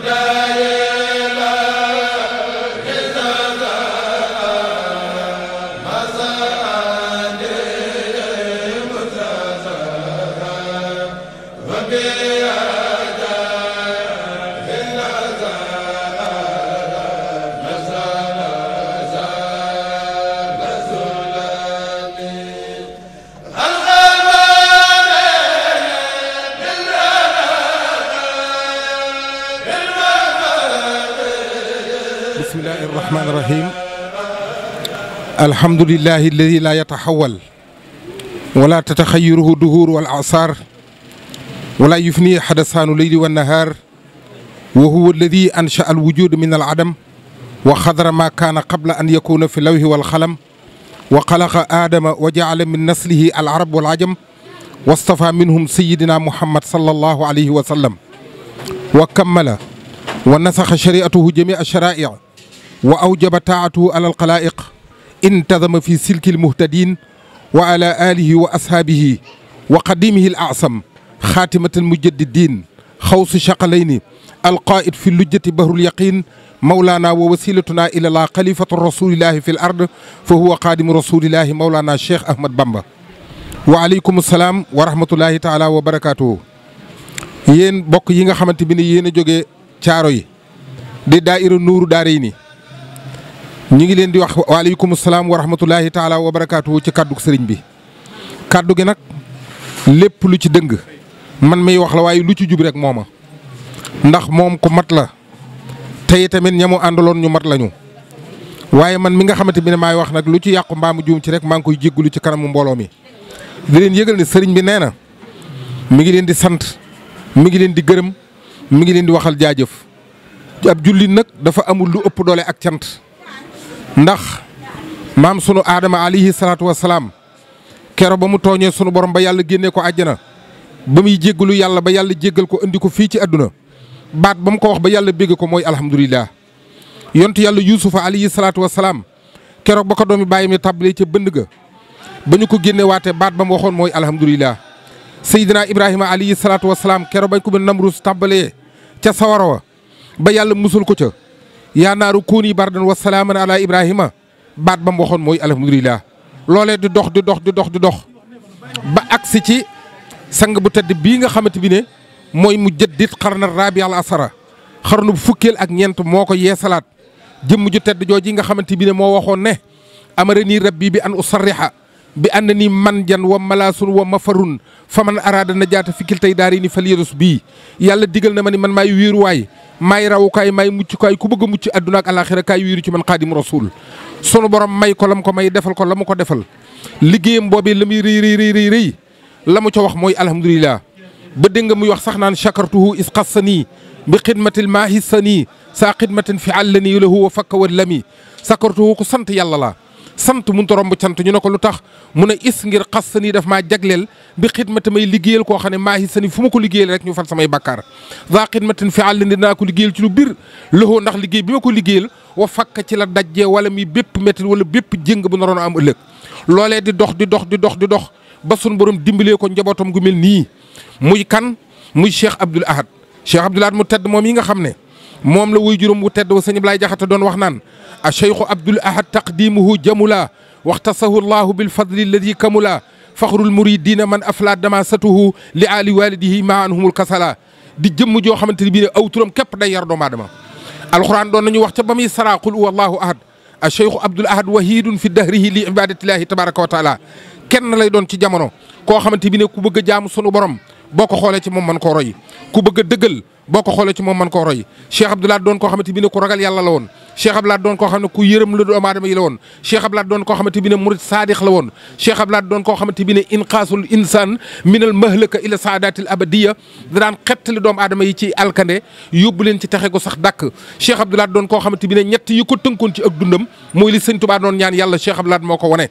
Buddha الرحمن الرحيم الحمد لله الذي لا يتحول ولا تتخيره الدهور والأعصار ولا يفني حدثان الليل والنهار وهو الذي أنشأ الوجود من العدم وخضر ما كان قبل أن يكون في اللوح والقلم وخلق آدم وجعل من نسله العرب والعجم واصطفى منهم سيدنا محمد صلى الله عليه وسلم وكمل ونسخ شريعته جميع الشرائع وأوجب طاعته على القلائق انتظم في سلك المهتدين وعلى آله وأصحابه وقديمه الأعصم خاتمة المجددين خوص شقلين القائد في اللجة بهر اليقين مولانا ووسيلتنا إلى الله خليفة رسول الله في الأرض فهو قادم رسول الله مولانا الشيخ أحمد بامبا وعليكم السلام ورحمة الله تعالى وبركاته ين بوك ييغا خامتيني ين جوغي تياروي دي دائره نور داريني ñu ngi leen di wax waaleykum salaam wa rahmatullahi taala wa barakaatu ci kàddu sëriñ bi kàddu gi nag lépp lu ci dëng man may wax la waaye lu ci jub rek mooma ndax moom ku mat la tey tamit ña mu àndaloon ñu mat lañu waaye man mi nga xamante bi ne maay wax nag lu ci yàqu mbaamu juum ci rek maa ngi koy jéggulu ci kanamu mbooloo mi di leen yëgal ne sëriñ bi nee na mi ngi leen di sant mi ngi leen di gërëm mi ngi leen di waxal jaajëf ab jullit nag dafa amul lu ëpp doole ak cant ndax maam sunu aadama alayhi salaatu wasalaam kero ba mu tooñee sunu borom ba yàlla génnee ko àjjana ba muy jéggalu yàlla ba yàlla jéggal ko indi ko fii ci àdduna baat ba mu ko wax ba yàlla bégg ko mooy alhamdulilah yontu yàlla yuusufa alayhi salaatu wasalaam keroog ba ko doomi bàyyi mi tàbbalee ca bënd ga ba ñu ko génne waate baat ba mu waxoon mooy alhamdulilah seydina ibrahima alayhi salaatu wasalaam keroog bañ ko ba namrus tàbbalee ca sawara wa ba yàlla musul ko ca yaa naaru kuuni bardan wa salaaman ala Ibrahima baat ba mu waxoon mooy alhamdulilah. loolee di dox di dox di dox di dox ba agsi ci sang bu tedd bii nga xamante bi ne mooy mu jëddit xarna raabi al asara xarnu bu fukkeel ak ñeent moo ko yeesalaat jëmm ju tedd jooji nga xamante bi ne moo waxoon ne amara nii rabbi bi an usarriha bi ànd ni man jan wa malaasun wa mafarun fa man araada najaata fikil tey daari ni falirus bii yàlla digal na ma ni man maay wéeruwaay may kay may kay ku bëgg muccu aduna ak alakhirah kay wiru ci man qadim rasul sunu borom may ko lam ko may defal ko lam ko defal ligeyam bobé lam muy ri ri ri ri lam ci wax moy alhamdullilah ba dégg nga muy wax sax naan chakartuhu is bi khidmatil maahissanii saa xidmatin fi lahu wa fakka wa sakartuhu ku sant yàlla la sant mënut a romb cant ñu ne ko lu tax mu ne is ngir xas sa nii daf maa jagleel bi xidmata may liggéeyal koo xam ne maa hissa ni fu ma ko liggéeyal rek ñu far samay bakkaar daa xidmatin fi àll dinaa ko liggéeyal ci lu biir loxoo ndax liggéey bi ma ko liggéeyal wa fakk ci la dajjee wala mi bépp métti wala bépp jéng bu naroon a am ëllëg loolee di dox di dox di dox di dox ba sun borom dimbalee ko njabootam gu mel nii muy kan muy Cheikh Abdoul Ahad Cheikh Abdoul Ahad mu tedd moom yi nga xam ne moom la wuy juróom wu tedd wa sëñ Ablaay Jaxate doon wax naan a cheikhu abdul ahad taqdimuhu jamula waxtasahu llahu bilfadli alladi kamula faxrul muridina man afla damasatuhu li ali walidihi ma anhumul kasala di jëmm joo xamante ni bii ne aw turam képp day yar doomu aadama alxuraan doon nañu wax ca ba muy saraa qul huwallaahu ahad a cheikhu abdul ahad wahidun fi dahrihi li ibadatillahi tabaraka wa taala kenn lay doon ci jamono koo xamante bi ne ku bëgg a jaamu sunu borom boko xolé ci mom man ko roy ku bëgg a boko xolé ci mom man ko roy Cheikh abdullah doon ko xamanteni bi ne ku ragal yàlla la won Cheikh abdullah doon ko xamne ku yërëm la doomu aadama yi la won Cheikh abdullah doon ko xamanteni bi ne murid sadiq la won Cheikh abdullah doon ko xamanteni bi ne inqasul insan min al mahlaka ila saadatil abadiyya daan xettali doom aadama yi ci alkande yobul len ci taxé ko sax dak Cheikh abdullah doon ko xamanteni bi ne ñett yi ko teunkun ci ak dundam moy li seigne touba doon ñaan yàlla Cheikh abdullah moko wone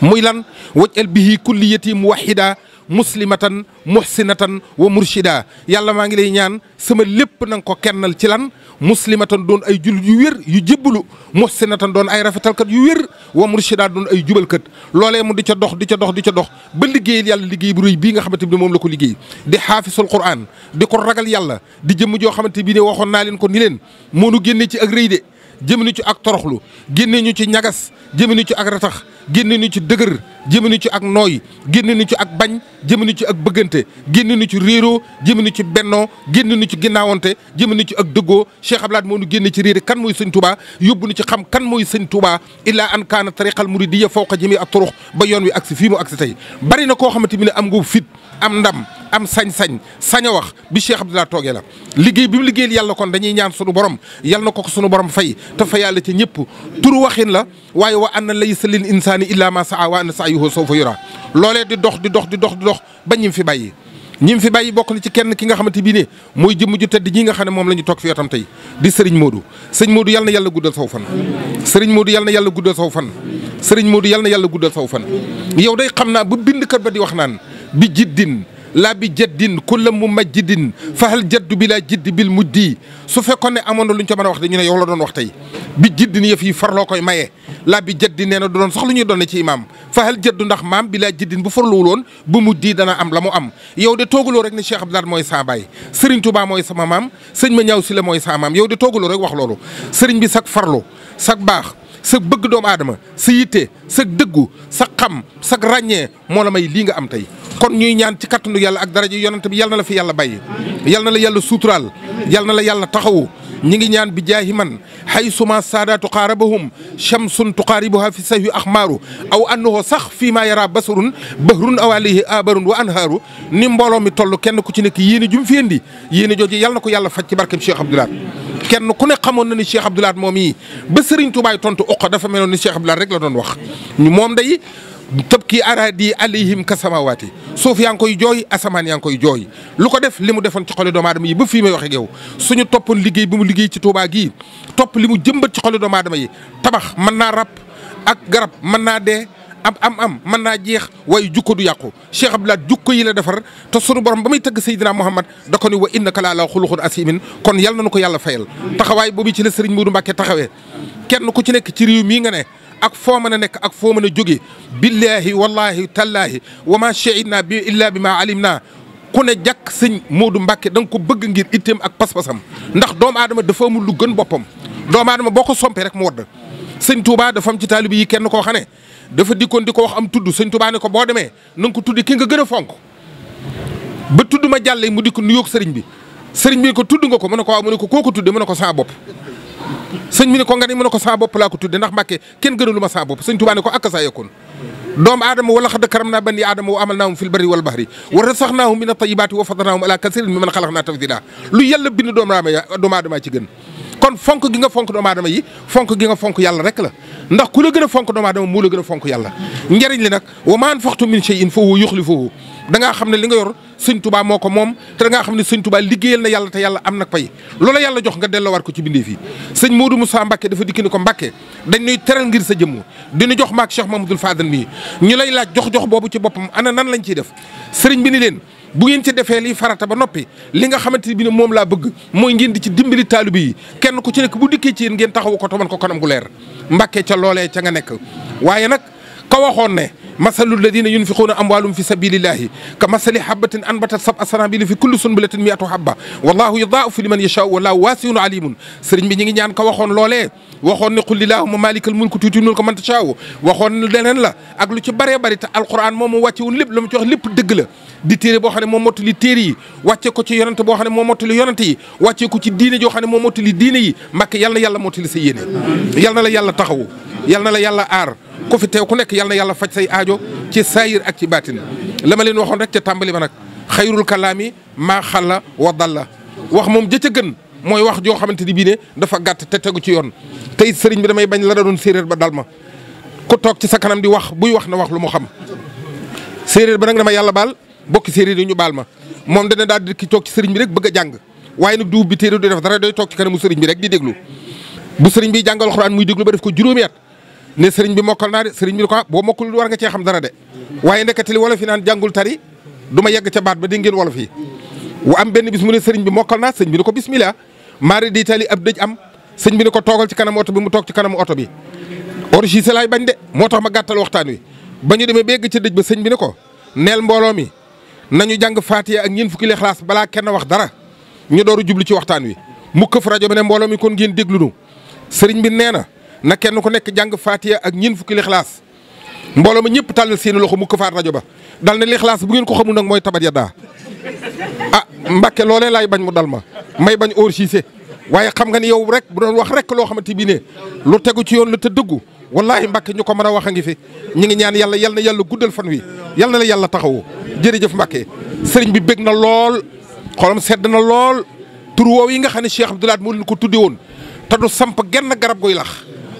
muy lan wajjal al bihi kulliyati muwahida muslimatan muhsinatan wa murshida yàlla maa ngi lay ñaan sama lépp na nga ko kennal ci lan muslimatan doon ay jullit yu wér yu jébbalu muhsinatan doon ay rafetalkat yu wér wa murshida doon ay jubalkat loolee mu di ca dox di ca dox di ca dox ba liggéeyal yàlla liggéey bu rëy bii nga xamante bi moom la ko liggéey di xaafisul quraan di ko ragal yàlla di jëmm joo xamante bi ne waxoon naa leen ko ni leen moonu génne ci ak rëy de jëminu ci ak toroxlu génne ñu ci ñagas jëminu ci ak ratax génne ñu ci dëgër jëminu ci ak nooy génne ñu ci ak bañ jëminu ci ak bëggante génne ñu ci réeroo jëminu ci benno génne ñu ci ginnaawante jëminu ci ak dëggoo Cheikh laat moo nu génne ci réere kan mooy sëñ Touba yóbbu nu ci xam kan mooy sëñ Touba illaa an kaana tariqal muridiyya fawqa jami a turux ba yoon wi agsi fii mu agsi tey bari na koo xamante mi ne am nga fit am ndam am sañ-sañ sañ wax bi Cheikh Abdoulaye toogee la liggéey bi mu liggéeyal yàlla kon dañuy ñaan sunu borom yàlla na ko sunu borom fay te fa yàlla ca ñëpp turu waxin la waaye wa anna laysa lil insaani illaa maa saa wa anna sa'yahu sawfa yuraa loolee di dox di dox di dox di dox ba ñim fi bàyyi ñim fi bàyyi bokk na ci kenn ki nga xamante bii ne mooy jëmm ju tedd ñi nga xam ne moom la ñu toog fi yotam tey di sëriñ Modou sëriñ Modou yàlla na yàlla guddal saw fan sëriñ Modou yàlla na yàlla guddal fan sëriñ Modou yàlla na yàlla guddal saw fan yow day xam naa bu bindkat ba di wax naan bi jiddin laa bi jaddin kulla mu majjidin fahal jaddu bi laa jiddi bil di su fekkoon ne amoon na lu ñu ko mën a wax ñu ne yow la doon wax tey bi jiddin yëf yi farloo koy maye laa bi jaddi nee na doon sox lu ñuy doon ci imaam fahal jaddu ndax maam bi laa jiddin bu farluwul woon bu mujdi dana am la mu am yow de toogaloo rek ne Cheikh Abdoulaye mooy saa baay Serigne mooy sama maam sëñ ma ñaaw si la mooy saa maam yow de toogaloo rek wax loolu Serigne bi sag farlu sag baax. sa bëgg doomu aadama sa sa dëggu sa xam sa ràññee moo la may lii nga am tey kon ñuy ñaan ci kattanu yàlla ak daraja yonent bi yal na la fi yàlla baye yal na la yàlla sutural yalla na la yàlla taxawu ñi ngi ñaan bi jaahi man haysuma sadatu qaarabahum shamsun tuqaribuha fi sayhi axmaaru aw annahu sakh fi ma yara basrun bahrun aw alayhi abarun wa anharu ni mbolo mi tollu kenn ku ci nek yéene jum fi indi yéene joji yalla nako yàlla fajj ci barkam Cheikh abdullah kenn ku ne xamoon na ni Cheikh abdullah momi ba Serigne Touba tontu uq dafa melone ni Cheikh abdullah rek la doon wax mom day tabki aradi alayhim ka samawati suuf yaa ngi koy jooy asamaan yaa ngi koy jooy lu ko def li mu defoon ci xolu doomu aadama yi ba fii may wax ak yow toppoon liggéey bu mu liggéey ci Tuubaa topp li mu jëmbat ci xolu doomu adama yi tabax mën naa rab ak garab mën naa dee am am am mën naa jeex waaye jukko du yàqu Cheikh Abdoulaye jukko yi la defar te sunu borom ba muy tëgg Seydina Muhammad da ko ni wa innaka la ala xuluqun asimin kon yal na nu ko yàlla fayal taxawaay boobu ci la Serigne Modou Mbacké taxawee kenn ku ci nekk ci réew mii nga ak fo meuna nek ak fo meuna jóge billahi wallahi tallahi wama ma shahidna bi illa bima alimna alim naa ku ne jàkk sëñ Modou mbake dang ko beug ngir itteem ak pass passam ndax doomu aadama dafa mu lu gën bopam dom adama boko sompe rek mo wad seigne Touba dafa am ci taalibi yi kenn ko xane ne dafa dikon diko wax am tuddu seigne Touba ne ko bo deme nang ko tuddi ki nga gën fonk ba tuddu ma jàlle mu di ko nuyoog sëriñ bi seigne bi ko tuddu nga ko mané ko waaw mu ko koko ko tudde mu ko sa bop sëñ bi ko nga ne mu ne saa bopp laa ko tudde ndax Mbàkke kenn gënalu ma saa bopp sëñ Tuubaa ko ak saa yekkoon doomu aadama wala xadd karam naa bani aadama wa amal naahum fil barri wal bahri wa rasaxnaahum min atayibaati wa fadanahum ala kasirin mi man xalax naa tafdila lu yàlla bind doomu aadama ci gën kon fonk gi nga fonk doomu aadama yi fonk gi nga fonk yàlla rek la ndax ku la gën a fonk doomu aadama moo gën a fonk yàlla xam ne li nga yor sëñ tubaa moo ko moom te nga xam ne sëñ tubaa liggéeyal na yàlla te yàlla am na pay loola yàlla jox nga delloowaat ko ci bindeef fii sëñ Modou Moussa Mbacke dafa dikki ko Mbacke dañ nuy teral ngir sa jëmm dinu jox maak Cheikh Mamadou Fadal mii ñu lay laaj jox-jox boobu ci boppam ana nan lañ ciy def sëriñ bi ni leen bu ngeen ci defee lii farata ba noppi li nga xamante bi ne moom laa bëgg mooy ngeen di ci dimbali taalibe yi kenn ku ci nekk bu dikkee ci yéen ngeen taxawu ko taman ko kanam gu leer Mbacke ca loolee ca nga nekk waaye nag ka waxoon ne مثل الذين ينفقون اموالهم في سبيل الله كمثل حبه انبتت سبع سنابل في كل سنبله 100 حبه والله يضاعف لمن يشاء والله واسع عليم سيرن بي نيغي نيان كا واخون لولي واخون ني قل لله مالك الملك تؤتي الملك من تشاء واخون لنن لا اك لو سي بري بري تا القران مومو واتيو ليب لوم تيوخ ليب دغ لا دي تيري بو خاني مومو تلي تيري واتي كو سي يونت بو خاني مومو تلي يونت يي واتي كو سي ديني جو خاني مومو تلي ديني يي مك يالنا يالنا موتلي سييني يالنا لا يالنا تاخو yal na la yàlla aar ku fi teew ku nekk yal na yàlla faj say aajo ci saayir ak ci baatin la leen waxoon rek ca tàmbali ba nag xayrul kalaami maa xalla wa dalla wax moom jëcc a gën mooy wax joo xamante ni bii ne dafa gàtt te tegu ci yoon tey sëriñ bi damay bañ la doon séeréer ba dal ma ku toog ci sa kanam di wax buy wax na wax lu mu xam séeréer ba nag dama yàlla baal bokki séeréer yi ñu baal ma moom dana daal di ki toog ci sëriñ bi rek bëgg jàng waaye nag du bi téere du def dara day toog ci sëriñ bi rek di déglu bu sëriñ bi jàngal alxuraan muy déglu ba def ko juróomi ne seriñ bi mokkal naa de sëriñ bi di ko ah, boo mokkul war nga cee xam dara de waaye nekkati li wolof yi naan jàngul tari du ma yegg ca baat ba di ngeen wolof yi wu am benn bis mu ne sëriñ bi mokkal naa sëriñ bi ni ko bismillah maari di tali ab dëj am sëriñ bi ni ko toogal ci kanam bi mu toog ci kanamu oto bi origise laay bañ de moo tax ma gàttal waxtaan wi ba ñu demee ba ca dëj ba sëriñ bi ni ko neel mbooloo mi nañu jàng faatiya ak ñeen fukki lixlaas balaa kenn wax dara ñu dooru jublu ci waxtaan wi mu rajo bi mbooloo mi kon ngeen déglu nu sëriñ bi nee na na kenn ku nekk jàng faatiya ak ñin fukki lixlaas mbooloo ma ñëpp tàllal seeni loxo mu këfaat rajo ba dal na lixlaas bu ngeen ko xamul nag mooy tabat yaddaa ah Mbàkke loolee laay bañ mu dal ma may bañ óor waaye xam nga ni yow rek bu doon wax rek loo xamante bii ne lu tegu ci yoon la te dëggu wallaahi Mbàkke ñu ko mën a wax a ngi fi ñi ngi ñaan yàlla yalla yàlla guddal fan wi yal na la yàlla taxawu jërëjëf Mbàkke sëriñ bi bég na lool xoolam sedd na lool tur woow yi nga xam ne Cheikh Abdoulaye moo ko tudde woon te du samp genn garab guy lax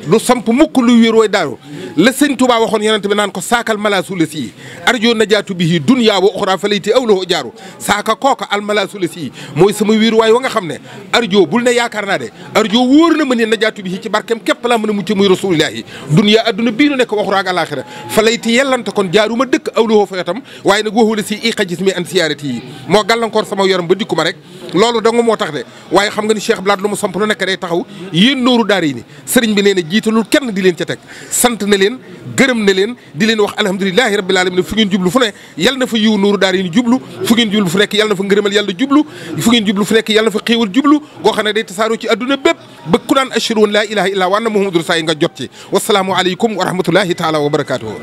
du samp mukk lu wéer way daaru la sëñ Touba waxoon yonent bi naan ko saakal malaasula si arjo najaatu bihi dunyaa wa uxraa fa layti awloo jaaru saaka kooka almalaasula si mooy sama wiir waay wa nga xam ne arjo bul ne yaakaar naa de arjo wóor na ma ne najaatu bihi ci barkeem képp laa mën a mucc muy rasulillahi dunyaa adduna bii nu nekk wa uxraa ak alaxira fa layti yellante kon jaaru ma dëkk awloo fa yotam waaye nag waxula si iqa gis mi an siyaarati yi moo gàllankoor sama yaram ba dikku ma rek loolu danga moo tax de waaye xam nga ni Cheikh Blad lu mu samp lu nekk day taxaw yéen nooru daara yi ni sëriñ bi nee na jiitalul kenn di leen ca teg sant na na leen gërëm na leen di leen wax alhamdulilahi rabbil alamin fu ngeen jublu fu ne yal na fa yiw nuuru daara yi jublu fu ngeen jublu fu nekk yal na fa ngërëmal yàlla jublu fu ngeen jublu fu nekk yal na fa xéewal jublu goo xam ne day tasaaroo ci adduna bépp ba ku naan ashhadu an laa ilaha illa wa anna muhammadur rasul nga jot ci wasalaamu aleykum wa rahmatullahi taala wa barakaatuhu